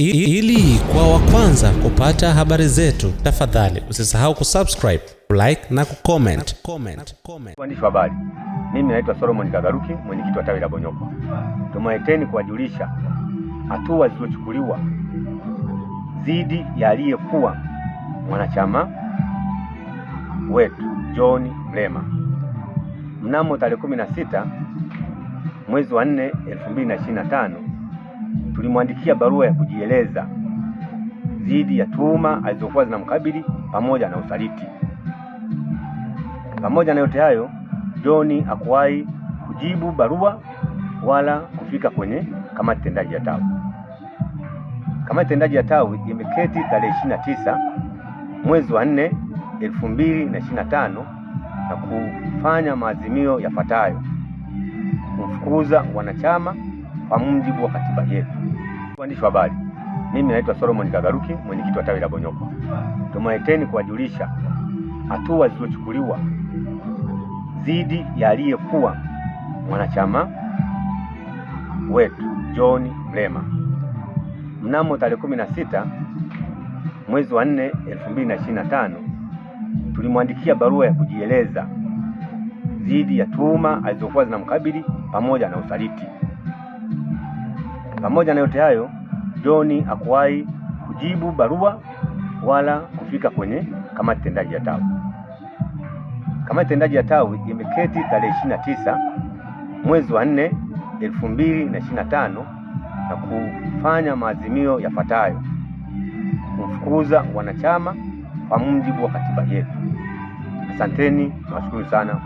Ili kwa wa kwanza kupata habari zetu, tafadhali usisahau kusubscribe, like na kucomment. Waandishi wa habari, mimi naitwa Solomon Kagaruki, mwenyekiti wa tawi la Bonyokwa. Tumewaiteni kuwajulisha hatua zilizochukuliwa dhidi ya aliyekuwa mwanachama wetu John Mrema mnamo tarehe 16 mwezi wa 4 2025 tulimwandikia barua ya kujieleza dhidi ya tuhuma alizokuwa zinamkabili pamoja na usaliti. Pamoja na yote hayo, John hakuwahi kujibu barua wala kufika kwenye kamati tendaji ya tawi. Kamati tendaji ya tawi imeketi tarehe ishirini na tisa mwezi wa nne elfu mbili na tano na kufanya maazimio yafuatayo: kumfukuza wanachama kwa mujibu wa katiba yetu. Waandishi wa habari, mimi naitwa Solomon Kagaruki, mwenyekiti wa tawi la Bonyokwa. Tumewaiteni kuwajulisha hatua zilizochukuliwa dhidi ya aliyekuwa mwanachama wetu John Mrema mnamo tarehe kumi na sita mwezi wa nne elfu mbili na ishirini na tano tulimwandikia barua ya kujieleza dhidi ya tuhuma alizokuwa zinamkabili pamoja na usaliti. Pamoja na yote hayo, John hakuwahi kujibu barua wala kufika kwenye kamati tendaji ya tawi. Kamati tendaji ya tawi imeketi tarehe ishirini na tisa mwezi wa nne elfu na ishirini na tano na kufanya maazimio yafuatayo: kumfukuza wanachama kwa mujibu wa katiba yetu. Asanteni, nawashukuru sana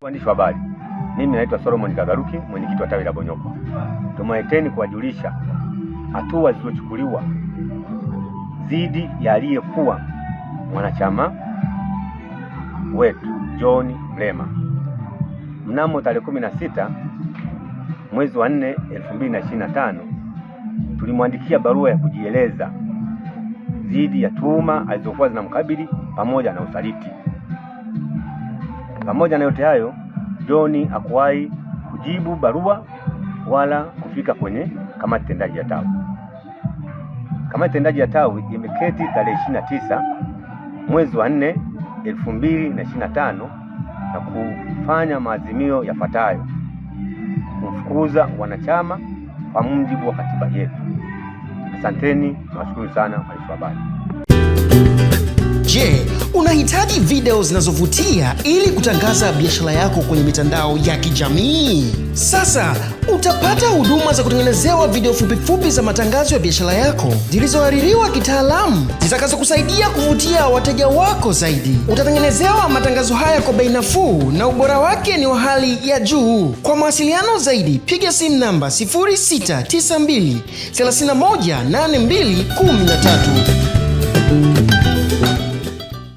waandishi wa habari. Mimi naitwa Solomon Kagaruki, mwenyekiti wa tawi la Bonyokwa. Tumeweteni kuwajulisha hatua zilizochukuliwa dhidi ya aliyekuwa mwanachama wetu John Mrema mnamo tarehe kumi na sita mwezi wa nne elfu mbili na ishirini na tano tulimwandikia barua ya kujieleza dhidi ya tuhuma alizokuwa zinamkabili pamoja na usaliti. Pamoja na yote hayo John hakuwahi kujibu barua wala kufika kwenye kamati tendaji ya tawi. Kamati tendaji ya tawi imeketi tarehe tisa mwezi wa 4 2025 na kufanya maazimio yafuatayo: kumfukuza wanachama kwa mujibu wa katiba yetu. Asanteni, nawashukuru sana waandishi wa habari. Je, Unahitaji video zinazovutia ili kutangaza biashara yako kwenye mitandao ya kijamii? Sasa utapata huduma za kutengenezewa video fupifupi za matangazo ya biashara yako zilizohaririwa kitaalamu zitakazokusaidia kuvutia wateja wako zaidi. Utatengenezewa matangazo haya kwa bei nafuu na ubora wake ni wa hali ya juu. Kwa mawasiliano zaidi, piga simu namba 0692 318213.